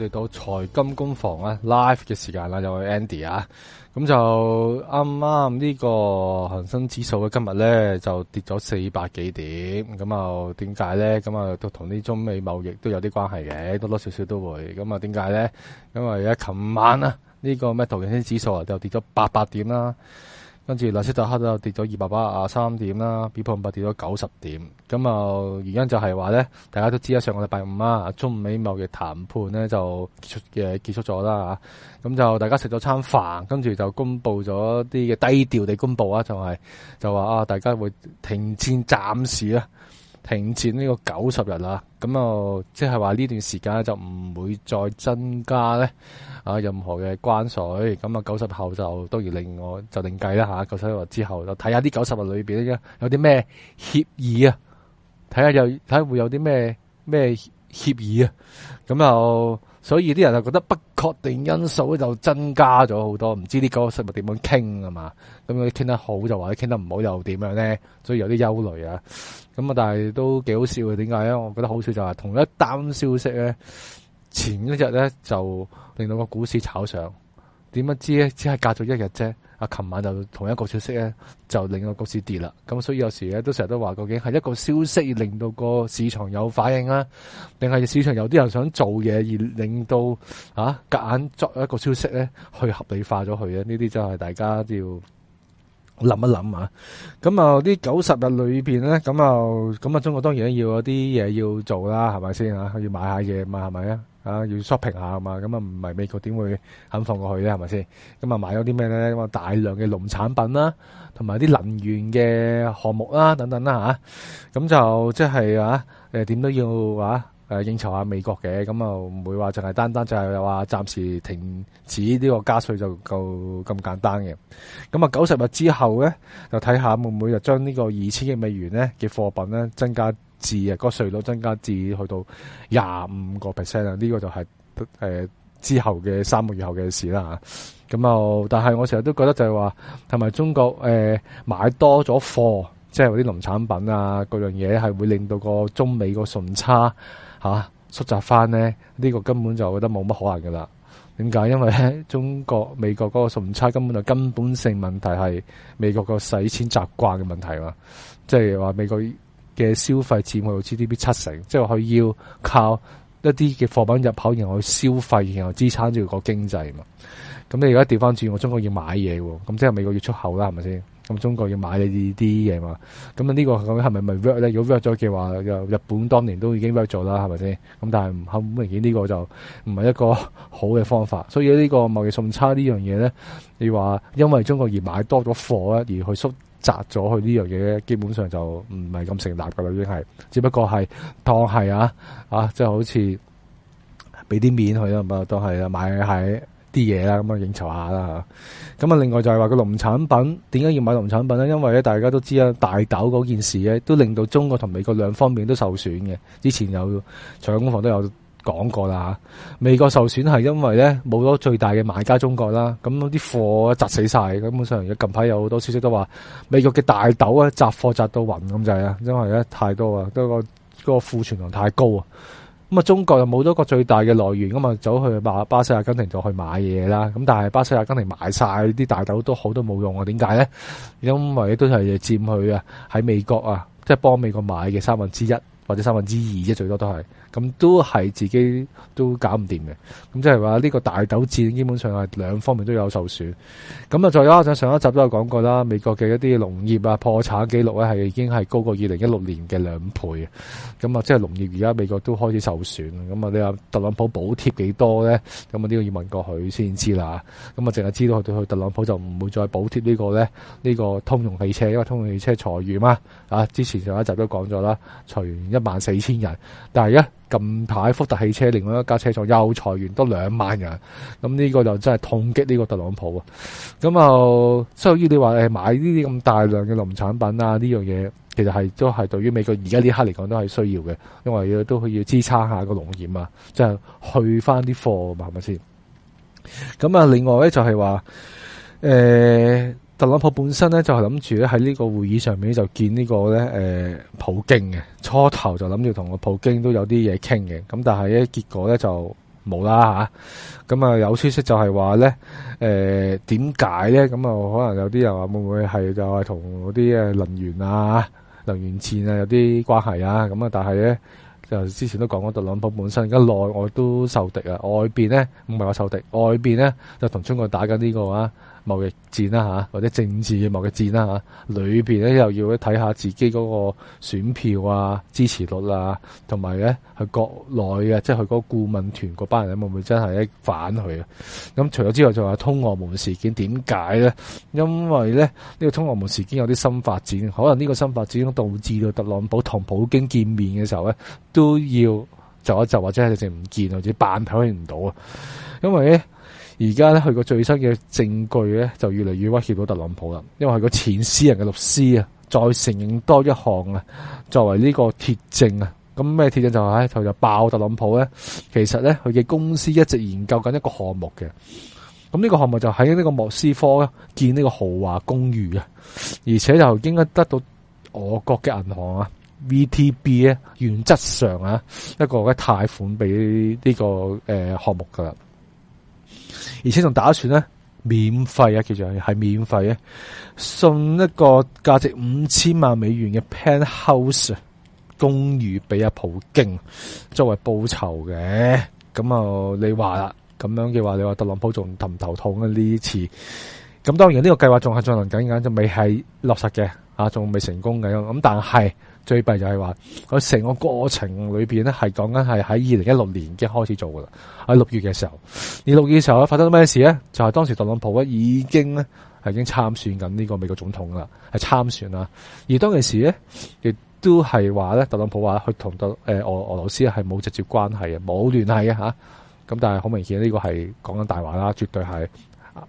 嚟到財金工房啊，live 嘅時間啦，又係 Andy 啊，咁就啱啱呢個恒生指數嘅今日咧就跌咗四百幾點，咁啊點解咧？咁啊都同呢中美貿易都有啲關係嘅，多多少少都會。咁啊點解咧？因為而家琴晚啊，呢、呢個咩道瓊斯指數啊，就跌咗八百點啦。跟住，納斯達克就跌咗二百八十三點啦，比普五百跌咗九十點。咁啊，就原因就係話咧，大家都知啊，上個禮拜五啦，中美貿易談判咧就結束咗啦，咁就大家食咗餐飯，跟住就公佈咗啲嘅低調地公佈啊，就係、是、就話啊，大家會停戰暫時啊。停戰呢個九十日啦，咁啊，即係話呢段時間就唔會再增加咧啊任何嘅關稅，咁啊九十日後就都要令我就另計啦吓，九十日之後就睇下啲九十日裏邊咧有啲咩協議啊，睇下又睇下會有啲咩咩協議啊，咁就，所以啲人就覺得不確定因素就增加咗好多，唔知呢九十日點樣傾啊嘛，咁樣傾得好就話，傾得唔好又點樣咧，所以有啲憂慮啊。咁啊，但係都幾好笑嘅，點解咧？我覺得好笑就係同一單消息咧，前一日咧就令到個股市炒上，點不知咧，只係隔咗一日啫。啊，琴晚就同一個消息咧，就令到個股市跌啦。咁所以有時咧，都成日都話，究竟係一個消息令到個市場有反應啦，定係市場有啲人想做嘢而令到啊，隔硬作一個消息咧，去合理化咗佢咧。呢啲就係大家都要。諗一諗啊，咁啊啲九十日裏邊咧，咁啊咁啊，中國當然要有啲嘢要做啦，係咪先啊？要買下嘢嘛，係咪啊？啊，要 shopping 下嘛，咁啊唔係美國點會肯放過去咧？係咪先？咁啊買咗啲咩咧？咁啊大量嘅農產品啦，同埋啲能源嘅項目啦，等等啦嚇，咁就即係啊，誒點都要話～誒、啊、應酬下美國嘅，咁啊唔會話淨係單單就係話暫時停止呢個加稅就夠咁簡單嘅。咁啊九十日之後咧，就睇下會唔會就將呢個二千億美元咧嘅貨品咧增加至，個稅率增加至去到廿五個 percent 啊！呢，呢個就係，是呃、之後嘅三個月後嘅事啦。咁啊，但係我成日都覺得就係話，同埋中國，呃、買多咗貨，即係嗰啲農產品啊嗰樣嘢，係會令到個中美個順差吓縮窄翻咧，呢個根本就覺得冇乜可能噶啦。點解？因為中國美國嗰個順差根本就根本性問題係美國個使錢習慣嘅問題啦。即係話美國嘅消費佔佢 G D P 七成，即係佢要靠一啲嘅貨品入口然後去消費然後支撐住個經濟嘛。咁你而家調翻轉，我中國要買嘢，咁即係美國要出口啦，係咪先？咁中國要買你啲嘢嘛？咁啊呢個咁係咪咪 work 咧？如果 work 咗嘅話，日日本當年都已經 work 咗啦，係咪先？咁但係唔係好明顯呢個就唔係一個好嘅方法。所以個貿呢個貿易順差呢樣嘢咧，你話因為中國而買多咗貨咧，而去縮窄咗佢呢樣嘢咧，基本上就唔係咁成立㗎喇，已經係。只不過係當係啊啊，即係好似俾啲面佢啦嘛，當係啊買喺啲嘢啦，咁樣應酬下啦咁啊，另外就係話個農產品，點解要買農產品咧？因為咧大家都知啊，大豆嗰件事咧都令到中國同美國兩方面都受損嘅。之前有財金工房都有講過啦嚇。美國受損係因為咧冇咗最大嘅買家中國啦。咁啲貨砸死曬，根本上近排有好多消息都話美國嘅大豆啊，集貨集到暈咁就係、是、啊，因為咧太多啊，嗰、那個嗰個庫存量太高啊。咁啊，中國又冇多個最大嘅來源，咁啊，走去巴巴西阿根廷就去買嘢啦。咁但係巴西阿根廷買晒啲大豆都好都冇用啊。點解咧？因為都係佔佢啊喺美國啊，即係幫美國買嘅三分之一或者三分之二啫，最多都係。咁都係自己都搞唔掂嘅，咁即係話呢個大豆戰基本上係兩方面都有受損。咁啊，再加上上一集都有講過啦，美國嘅一啲農業啊破產記錄咧係已經係高過二零一六年嘅兩倍。咁啊，即係農業而家美國都開始受損。咁啊，你話特朗普補貼幾多咧？咁啊，呢個要問過佢先知啦。咁啊，淨係知道佢佢特朗普就唔會再補貼個呢個咧呢個通用汽車，因為通用汽車裁員嘛。啊，之前上一集都講咗啦，裁員一萬四千人。但係而家。近排福特汽車另外一家車廠又裁員多兩萬人，咁、這、呢個就真係痛擊呢個特朗普啊！咁啊，所以你話誒買呢啲咁大量嘅農產品啊，呢樣嘢其實係都係對於美國而家呢刻嚟講都係需要嘅，因為都去要，要支撐下個農業啊，係、就是、去翻啲貨嘛，係咪先？咁啊，另外咧就係話特朗普本身咧就係諗住咧喺呢個會議上面就見呢、這個咧誒、呃、普京嘅，初頭就諗住同個普京都有啲嘢傾嘅，咁但係咧結果咧就冇啦嚇。咁啊有消息就係話咧誒點解咧？咁、呃、啊可能有啲人話會唔會係就係同嗰啲誒能源啊、能源戰啊有啲關係啊？咁啊但係咧就之前都講過，特朗普本身而家內外都受敵啊，外邊咧唔係話受敵，外邊咧就同中國打緊呢個啊。貿易戰啦吓，或者政治嘅貿易戰啦吓，裏邊咧又要睇下自己嗰個選票啊、支持率啊，同埋咧係國內嘅，即係佢嗰個顧問團嗰班人會唔會真係咧反佢啊？咁除咗之外，就話通俄門事件點解咧？因為咧呢個通俄門事件有啲新發展，可能呢個新發展導致到特朗普同普京見面嘅時候咧都要就一就或者係直唔見，或者扮去唔到啊，因為咧。而家咧，佢個最新嘅證據咧，就越嚟越威脅到特朗普啦。因為佢個前私人嘅律師啊，再承認多一項啊，作為呢個鐵證啊。咁咩鐵證呢，就係、係、佢就爆特朗普咧。其實咧，佢嘅公司一直研究緊一個項目嘅。咁呢個項目就喺呢個莫斯科啊，建呢個豪華公寓啊。而且就應該得到俄國嘅銀行啊，V T B 咧、啊，原則上啊，一個嘅貸款俾呢、呢個誒、呃、項目㗎啦。而且仲打算咧免費啊，其實係免費嘅，送一個價值五千萬美元嘅 penthouse 公寓俾阿普京作為報酬嘅。咁啊，你話啦，咁樣嘅話，你話特朗普仲唔頭痛啊呢次？咁當然呢個計劃仲係進行緊緊，就未係落實嘅啊，仲未成功嘅。咁但係。最弊就係話，佢成個過程裏面咧，係講緊係喺二零一六年已經開始做噶啦。喺六月嘅時候，而六月嘅時候咧發生咗咩事咧？就係、係、當時特朗普咧已經咧係已經參選緊呢個美國總統啦，係參選啦。而當其時咧，亦都係話咧，特朗普話佢同俄俄羅斯係冇直接關係嘅，冇聯繫嘅嚇。咁、啊、但係好明顯呢、呢個係講緊大話啦，絕對係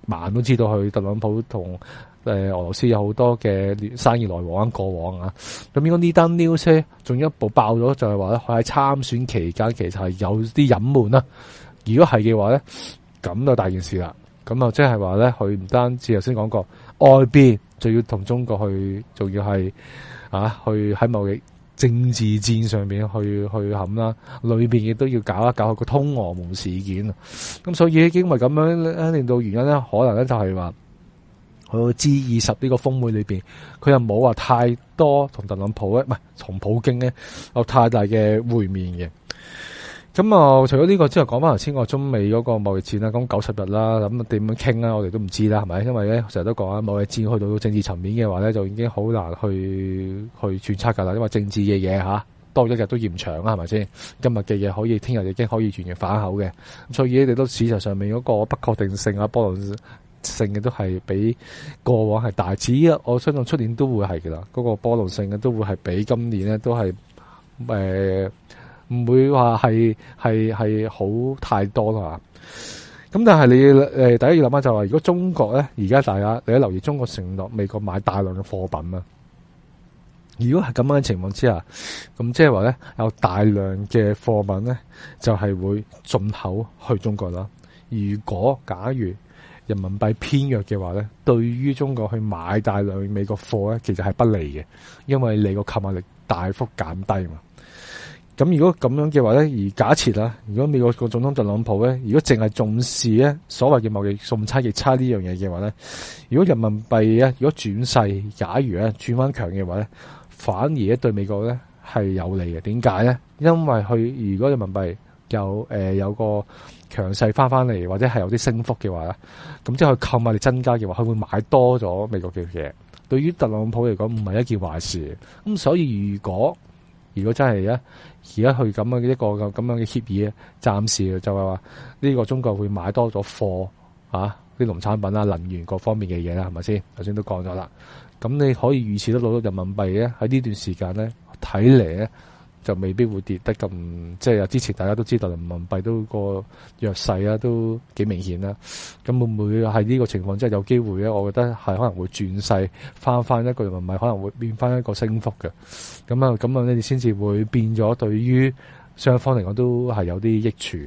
晚都知道佢特朗普同。誒、呃，俄羅斯有好多嘅生意來往啊，過往啊。咁應該呢單 news 仲有一步爆咗就係話咧，佢喺參選期間其實係有啲隱瞞啦。如果係嘅話咧，咁就大件事啦。咁啊，即係話咧，佢唔單止頭先講過外邊就要同中國去，仲要係啊，去喺貿易、政治戰上面去去冚啦、啊。裏邊亦都要搞一、啊、搞佢、啊啊、個通俄門事件啊。咁所以因為咁樣咧，令到原因咧，可能咧就係話。去到 G20 呢個峰會裏邊，佢又冇話太多同特朗普咧，唔係同普京咧有太大嘅會面嘅。咁啊，除咗呢個之後，講翻頭先個中美嗰個貿易戰啦，咁九十日啦，咁點樣傾啊？我哋都唔知啦，係咪？因為咧成日都講啊，貿易戰去到政治層面嘅話咧，就已經好難去去預測噶啦，因為政治嘅嘢吓，多一日都嫌長啦，係咪先？今日嘅嘢可以，聽日已經可以完全反口嘅。咁所以呢，你都市場上面嗰個不確定性啊，波性嘅都係比過往係大，只我相信出年都會係噶啦。嗰、那個波動性嘅都會係比今年咧都係誒唔會話係係係好太多啦。咁但係你誒，你第一要諗返、就是，就係如果中國咧而家大家你喺留意中國承諾美國買大量嘅貨品啊。如果係咁樣嘅情況之下，咁即係話咧有大量嘅貨品咧，就係、是、會進口去中國啦。如果假如。人民幣偏弱嘅話咧，對於中國去買大量美國貨咧，其實係不利嘅，因為你個購買力大幅減低嘛。咁如果咁樣嘅話咧，而假設啦，如果美國個總統特朗普咧，如果淨係重視咧所謂嘅貿易順差逆差呢樣嘢嘅話咧，如果人民幣如果轉勢，假如咧轉返強嘅話咧，反而咧對美國咧係有利嘅。點解咧？因為佢如果人民幣有、呃、有個強勢翻翻嚟，或者係有啲升幅嘅話咧，咁即係佢購買力增加嘅話，佢會買多咗美國嘅嘢。對於特朗普嚟講，唔係一件壞事。咁所以如果如果真係咧，而家去咁嘅一個咁樣嘅協議咧，暫時就係話呢個中國會買多咗貨，啲農產品呀、啊、能源各方面嘅嘢啦，係咪先？頭先都講咗啦。咁你可以預期得到人民幣咧喺呢段時間咧睇嚟咧。就未必會跌得咁，即係之前大家都知道，人民幣都個弱勢啊，都幾明顯啦。咁會唔會喺呢個情況之下有機會咧？我覺得係可能會轉勢，翻翻一個人民幣可能會變翻一個升幅嘅。咁啊，咁啊，你先至會變咗，對於雙方嚟講都係有啲益處。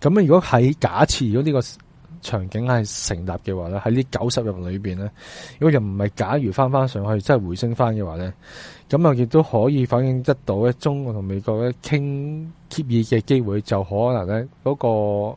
咁啊，如果喺假設如果呢個場景係成立嘅話咧，喺呢九十日裏面咧，如果又唔係假如翻翻上去，真係回升翻嘅話咧，咁啊亦都可以反映得到咧，中國同美國咧傾協議嘅機會就可能咧嗰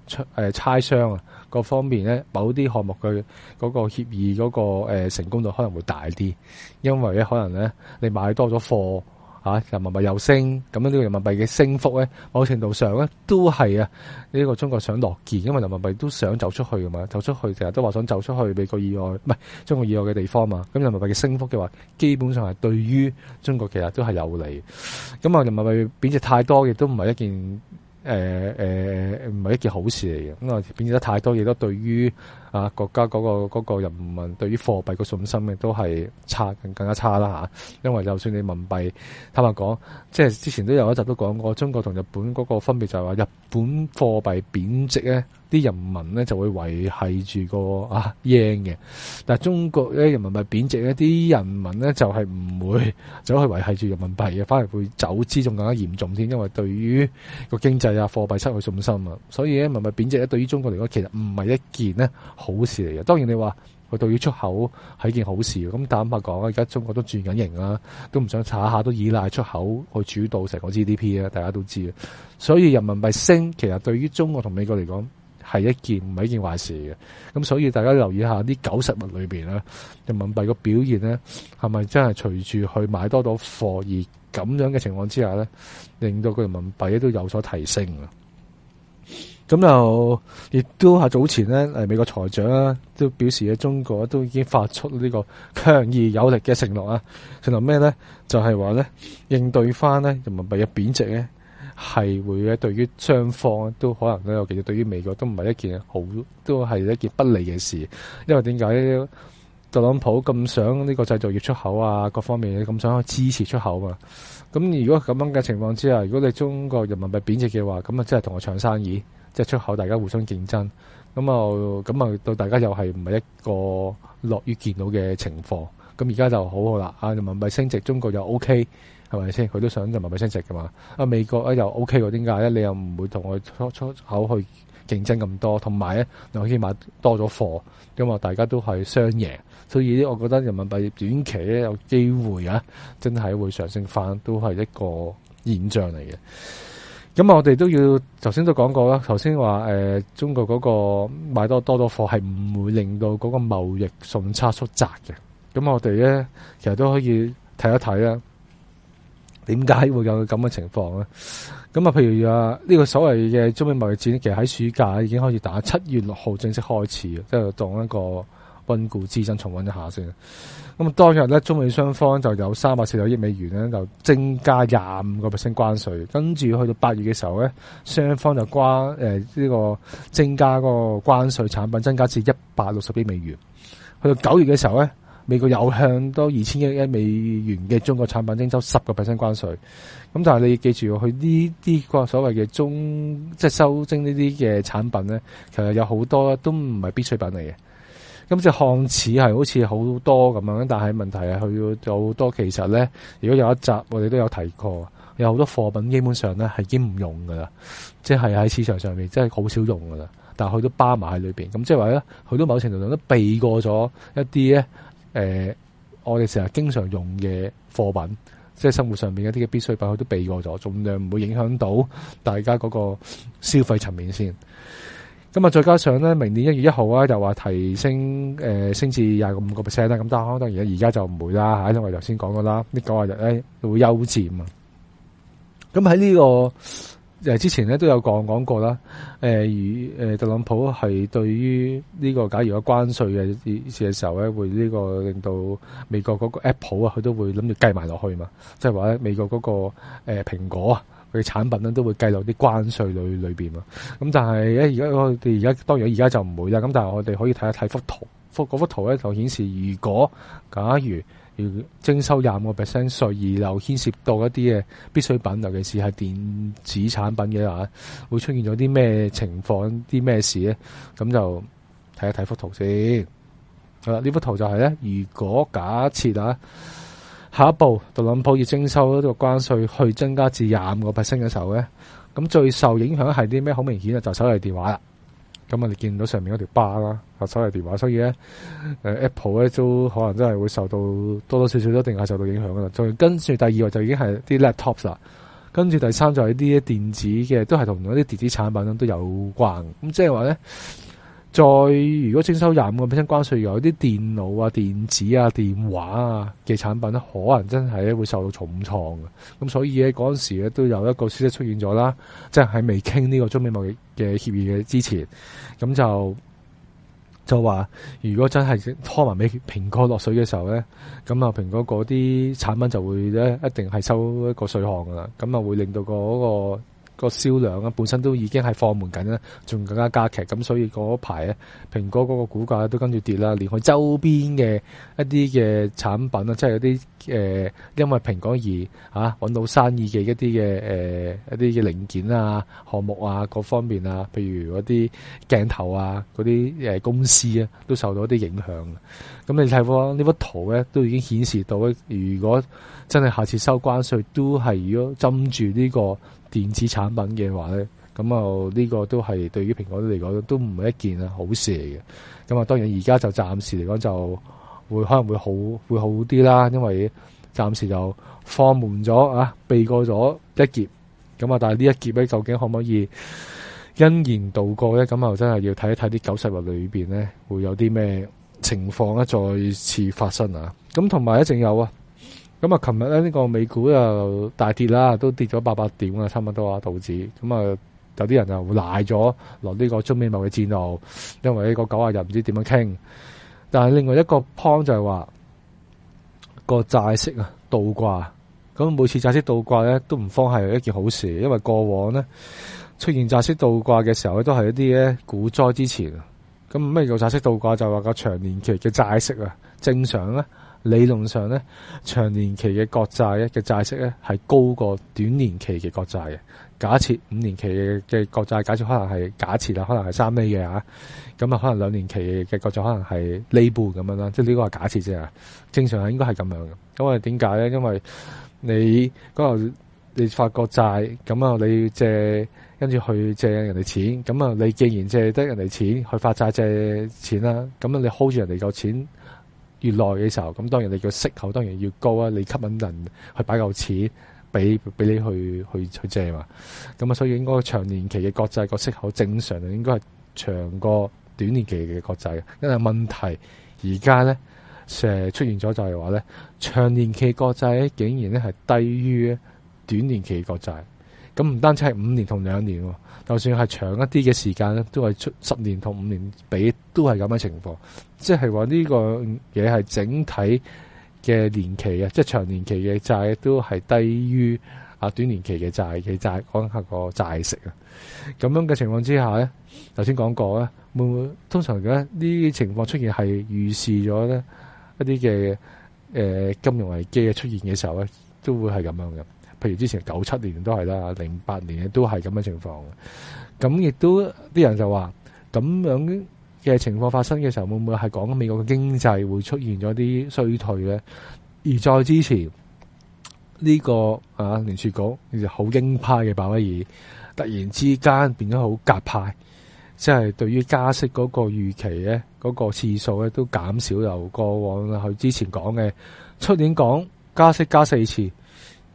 個誒差商啊各方面咧，某啲項目佢嗰個協議嗰個成功度可能會大啲，因為咧可能咧你買多咗貨。嚇、啊，人民幣又升，咁呢個人民幣嘅升幅咧，某程度上咧都係啊呢、呢個中國想樂見，因為人民幣都想走出去噶嘛，走出去成日都話想走出去美國以外，唔係中國以外嘅地方嘛。咁人民幣嘅升幅嘅話，基本上係對於中國其實都係有利。咁啊，人民幣貶值太多亦都唔係一件誒誒唔係一件好事嚟嘅，咁啊，貶值得太多亦都對於。啊！國家嗰、嗰個嗰、嗰個人民對於貨幣個信心都係差更加差啦、啊、因為就算你民幣坦白講，即係之前都有一集都講過，中國同日本嗰個分別就係話日本貨幣貶值咧，啲人民咧就會維繫住、嗰個啊贏嘅，但中國咧人，人，人民幣貶值咧，啲人民咧就係唔會走去維繫住人民幣嘅，反而會走資仲更加嚴重添，因為對於個經濟啊貨幣失去信心啊，所以咧人民幣貶值咧對於中國嚟講其實唔係一件呢好事嚟嘅，當然你話佢對於出口係件好事嘅。咁但坦白講啊，而家中國都轉緊型啦，都唔想查下都依賴出口去主導成個 GDP 咧，大家都知嘅。所以人民幣升，其實對於中國同美國嚟講係一件唔係一件壞事嘅。咁所以大家留意下呢九實物裏邊咧，人民幣個表現咧係咪真係隨住去買多到貨而咁樣嘅情況之下咧，令到個人民幣都有所提升啊？咁就亦都係早前咧，誒，美國財長啊，都表示喺中國都已經發出呢個強而有力嘅承諾啊。承諾咩咧？就係話咧，應對翻咧人民幣嘅貶值咧，係會咧對於雙方都可能都有。其實對於美國都唔係一件好，都係一件不利嘅事。因為點解特朗普咁想呢個製造業出口啊，各方面咁想去支持出口啊？咁如果咁樣嘅情況之下，如果你中國人民幣貶值嘅話，咁啊即係同我搶生意。即係出口，大家互相競爭，咁啊，咁啊，對大家又係唔係一個樂於見到嘅情況？咁而家就好好啦，啊，人民幣升值，中國又 O K，係咪先？佢都想人民幣升值㗎嘛？啊，美國啊又 O K 喎，點解咧？你又唔會同我出出口去競爭咁多？同埋咧，又起碼多咗貨，咁啊，大家都係雙贏。所以咧，我覺得人民幣短期咧有機會啊，真係會上升翻，都係一個現象嚟嘅。咁我哋都要，頭先都講過啦。頭先話誒，中國嗰個買多多多貨，係唔會令到嗰個貿易順差縮窄嘅。咁我哋咧，其實都可以睇一睇啦。點解會有咁嘅情況咧？咁啊，譬如啊，呢個所謂嘅中美貿易戰，其實喺暑假已經開始打，七月六號正式開始，即係當一個，崩固資產重溫一下先。咁啊，當日咧，中美雙方就有三百四十億美元咧，就增加廿五個 percent 關稅。跟住去到八月嘅時候咧，雙方就關誒呢、呃這個增加嗰個關稅產品增加至一百六十億美元。去到九月嘅時候咧，美國有向多二千億一美元嘅中國產品徵收十個 percent 關稅。咁但係你記住，佢呢啲個所謂嘅中即係收徵呢啲嘅產品咧，其實有好多都唔係必需品嚟嘅。咁就看似係好似好多咁樣，但係問題係佢有好多其實咧，如果有一集我哋都有提過，有好多貨品基本上咧係已經唔用噶啦，即係喺市場上面真係好少用噶啦。但係佢都包埋喺裏面，咁即係話咧，佢都某程度上都避過咗一啲咧，誒、呃，我哋成日經常用嘅貨品，即係生活上面一啲嘅必需品，佢都避過咗，儘量唔會影響到大家嗰個消費層面先。咁啊，再加上咧，明年一月一號啊，又話提升誒、呃、升至廿五個 percent 啦。咁但係當然而家就唔會啦嚇，因為頭先講過啦，呢九十日咧就會休戰啊。咁喺呢個誒之前咧都有講講過啦。誒、呃、如、呃、特朗普係對於呢個假如有關稅嘅事嘅時候咧，會呢個令到美國嗰個 Apple 啊，佢都會諗住計埋落去嘛。即係話咧，美國嗰個誒蘋果啊。佢產品咧都會計落啲關稅裏裏邊嘛，咁但係咧，而家我哋而家當然而家就唔會啦，咁但係我哋可以睇一睇幅圖，幅幅圖咧就顯示，如果假如要徵收廿五個 percent 稅，而又牽涉到一啲嘅必需品，尤其是係電子產品嘅話，會出現咗啲咩情況、啲咩事咧？咁就睇一睇幅圖先。係啦，呢幅圖就係咧，如果假設啊～下一步特朗普要徵收呢個關稅，去增加至廿五個 percent 嘅時候咧，咁最受影響係啲咩？好明顯啊，就手提電話啦。咁我哋見到上面嗰條巴啦，啊手提電話，所以咧，誒 Apple 咧都可能真係會受到多多少少一定係受到影響噶啦。再跟住第二，就已經係啲 laptops 啦。跟住第三就係啲電子嘅，都係同嗰啲電子產品都有關的。咁即係話咧。再如果徵收廿五個本身關稅，有啲電腦啊、電子啊、電話啊嘅產品，可能真係會受到重創嘅。咁所以咧嗰陣時咧都有一個消息出現咗啦，即係喺未傾呢個中美貿易嘅協議嘅之前，咁就就話如果真係拖埋俾蘋果落水嘅時候咧，咁啊蘋果嗰啲產品就會咧一定係收一個稅項噶啦，咁啊會令到嗰、嗰個。個銷量啊，本身都已經係放門緊啦，仲更加加劇咁，所以嗰排啊，蘋果嗰個股價都跟住跌啦。連佢周邊嘅一啲嘅產品啊，即係嗰啲呃，因為蘋果而啊揾到生意嘅一啲嘅、呃、一啲嘅零件啊、項目啊各方面啊，譬如嗰啲鏡頭啊嗰啲呃公司啊，都受到一啲影響。咁你睇過呢幅圖咧，都已經顯示到，如果真係下次收關稅，都係如果針住呢個。電子產品嘅話咧，咁啊呢個都係對於蘋果嚟講都唔係一件啊好事嚟嘅。咁啊當然而家就暫時嚟講就會可能會好會好啲啦，因為暫時就放緩咗啊，避過咗一劫。咁啊但係呢一劫咧究竟可唔可以欣然度過咧？咁啊真係要睇一睇啲90日裏面咧會有啲咩情況咧再次發生啊。咁同埋一陣有啊。咁、嗯、啊，琴日咧呢、呢個美股又大跌啦，都跌咗八百點啦，差唔多啊，道指。咁、嗯、啊，有啲人就賴咗落呢個中美貿易戰度，因為呢個九十日又唔知點樣傾。但係另外一個 point 就係話個債息啊倒掛。咁每次債息倒掛咧都唔慌係一件好事，因為過往咧出現債息倒掛嘅時候咧都係一啲咧股災之前。咁咩叫債息倒掛？就係話個長年期嘅債息啊正常咧。理論上咧，長年期嘅國債咧嘅債息咧係高過短年期嘅國債嘅。假設五年期嘅國債，假設可能係假設啦，可能係三厘嘅嚇。咁啊，啊，啊，可能兩年期嘅國債可能係呢半咁樣啦。即係呢個係假設啫。正常係應該係咁樣。咁啊點解咧？因為你嗰度你發國債，咁啊你借跟住去借人哋錢，咁啊你既然借得人哋錢去發債借錢啦，啊，咁啊，啊你 hold 住人哋個錢，越耐嘅時候，咁當然你個息口當然要高啊！你吸引人去擺嚿錢，俾俾你去去去借嘛。咁啊，所以應該長年期嘅國債個息口正常啊，應該係長過短年期嘅國債。因為問題而家咧，誒出現咗就係話咧，長年期國債竟然咧係低於短年期嘅國債，咁唔單止係五年同兩年，就算係長一啲嘅時間咧，都係出十年同五年比都係咁樣情況，即係話呢個嘢係整體嘅年期，即係長年期嘅債都係低於啊短年期嘅債嘅債，講下個債息啊，咁樣嘅情況之下咧，頭先講過咧，會唔會通常咧呢啲情況出現係預示咗咧一啲嘅、呃、金融危機嘅出現嘅時候咧，都會係咁樣嘅。譬如之前九七年都係啦，零八年都係咁嘅情況，咁亦都啲人就話咁樣嘅情況發生嘅時候，會唔會係講美國嘅經濟會出現咗啲衰退咧？而再之前呢個啊聯儲局，其實好鷹派嘅鮑威爾，突然之間變咗好鴿派，即係對於加息嗰個預期咧，嗰個次數咧都減少，由過往佢之前講嘅出年講加息加四次。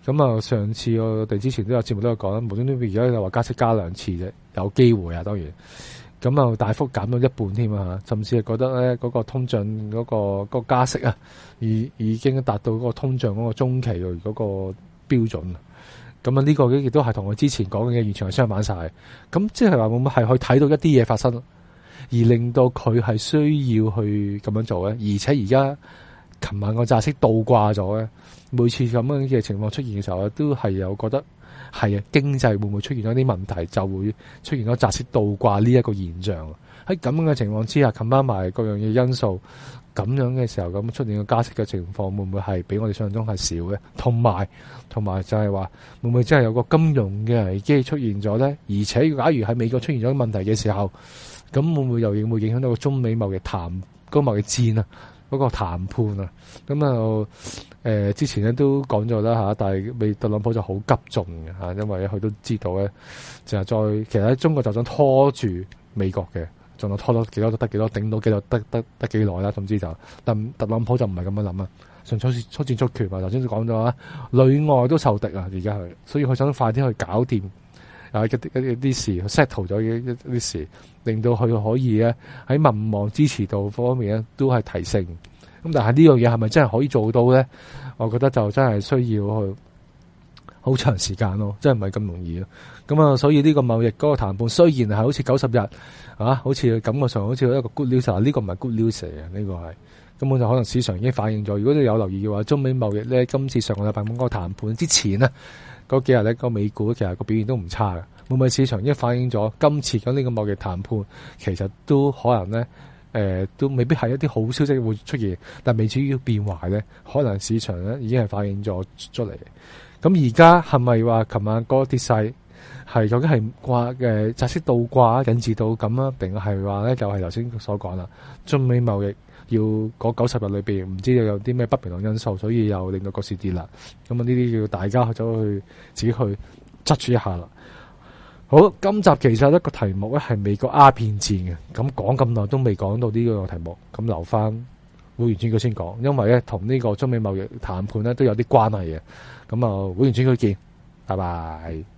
咁啊！上次我哋之前都有節目都有講啦，無端端而家又話加息加兩次啫，有機會啊！當然，咁啊大幅減到一半添啊，甚至係覺得咧嗰個通脹嗰個個加息啊，已已經達到嗰個通脹嗰個中期嗰個標準。咁啊，呢個亦都係同我之前講嘅嘢完全係相反曬。咁即係話，我係去睇到一啲嘢發生，而令到佢係需要去咁樣做咧。而且而家，琴晚個孳息倒掛咗嘅，每次咁樣嘅情況出現嘅時候，都係有覺得係經濟會唔會出現咗啲問題，就會出現咗孳息倒掛呢一個現象。喺咁樣嘅情況之下，冚巴埋各樣嘅因素，咁樣嘅時候咁出現個加息嘅情況，會唔會係比我哋想象中係少嘅？同埋同埋就係話，會唔會真係有個金融嘅危機出現咗咧？而且假如喺美國出現咗啲問題嘅時候，咁會唔會又影會影響到個中美貿易談、高貿易戰啊？嗰、那個談判啊，咁啊誒之前咧都講咗啦嚇，但係美特朗普就好急重，嘅嚇，因為佢都知道咧，就係再其實咧中國就想拖住美國嘅，仲有拖得多幾多得幾多，頂到幾多得得幾耐啦，總之就特特朗普就唔係咁樣諗啊，想速戰速決啊，頭先講咗啊，裏外都受敵啊，而家係，所以佢想快啲去搞掂。啊！一啲事 settle 咗嘅一啲事，令到佢可以咧喺民望支持度方面咧都係提升。咁但係呢樣嘢係咪真係可以做到咧？我覺得就真係需要去好長時間咯，真係唔係咁容易咯。咁、嗯、啊，所以呢個貿易嗰個談判雖然係好似九十日啊，好似感覺上好似一個 good news，呢個唔係 good news 嚟嘅，呢個係根本就可能市場已經反映咗。如果你有留意嘅話，中美貿易咧今次上個禮拜咁個談判之前呢。嗰幾日呢個美股其實個表現都唔差㗎。會唔會市場一反映咗今次咁呢個貿易談判，其實都可能呢，呃、都未必係一啲好消息會出現，但未至於變壞呢，可能市場呢已經係反映咗出嚟。咁而家係咪話琴晚嗰個跌勢係究竟係孳息倒掛引致到咁啊？定係話呢？就係頭先所講啦，中美貿易。要嗰九十日裏邊，唔知道有有啲咩不平衡因素，所以又令到個市跌啦。咁啊，呢啲要大家走去自己去質住一下啦。好，今集其實一個題目咧係美國鴉片戰嘅，咁講咁耐都未講到呢個題目，咁留翻會員專區先講，因為咧同呢個中美貿易談判咧都有啲關係嘅。咁啊，會員專區見，拜拜。